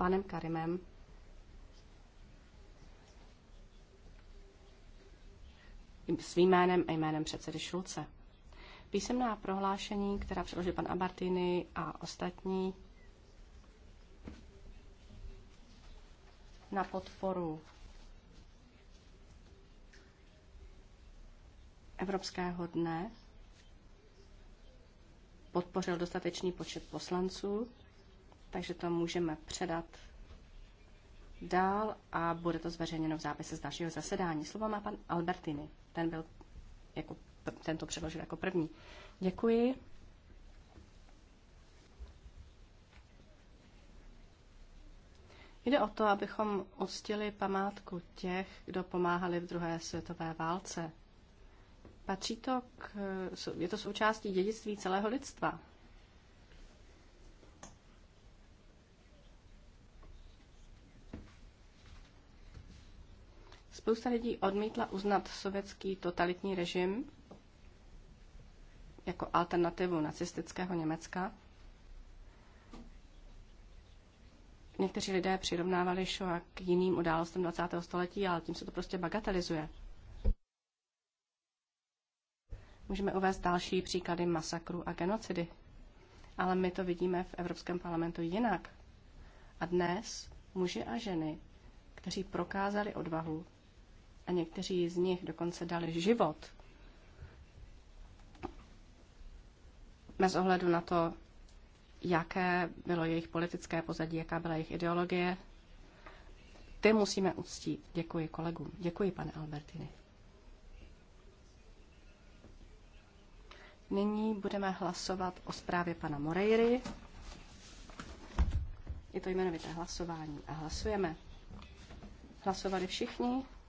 panem Karimem. Svým jménem a jménem předsedy Šulce. Písemná prohlášení, která předložil pan Abartini a ostatní na podporu Evropského dne podpořil dostatečný počet poslanců takže to můžeme předat dál a bude to zveřejněno v zápise z dalšího zasedání. Slovo má pan Albertini. Ten byl jako, ten to předložil jako první. Děkuji. Jde o to, abychom uctili památku těch, kdo pomáhali v druhé světové válce. Patří to k, je to součástí dědictví celého lidstva. Spousta lidí odmítla uznat sovětský totalitní režim jako alternativu nacistického Německa. Někteří lidé přirovnávali Shoah k jiným událostem 20. století, ale tím se to prostě bagatelizuje. Můžeme uvést další příklady masakru a genocidy. Ale my to vidíme v Evropském parlamentu jinak. A dnes muži a ženy, kteří prokázali odvahu, a někteří z nich dokonce dali život bez ohledu na to, jaké bylo jejich politické pozadí, jaká byla jejich ideologie, ty musíme uctít. Děkuji kolegům. Děkuji, pane Albertini. Nyní budeme hlasovat o zprávě pana Moreiry. Je to jmenovité hlasování a hlasujeme. Hlasovali všichni?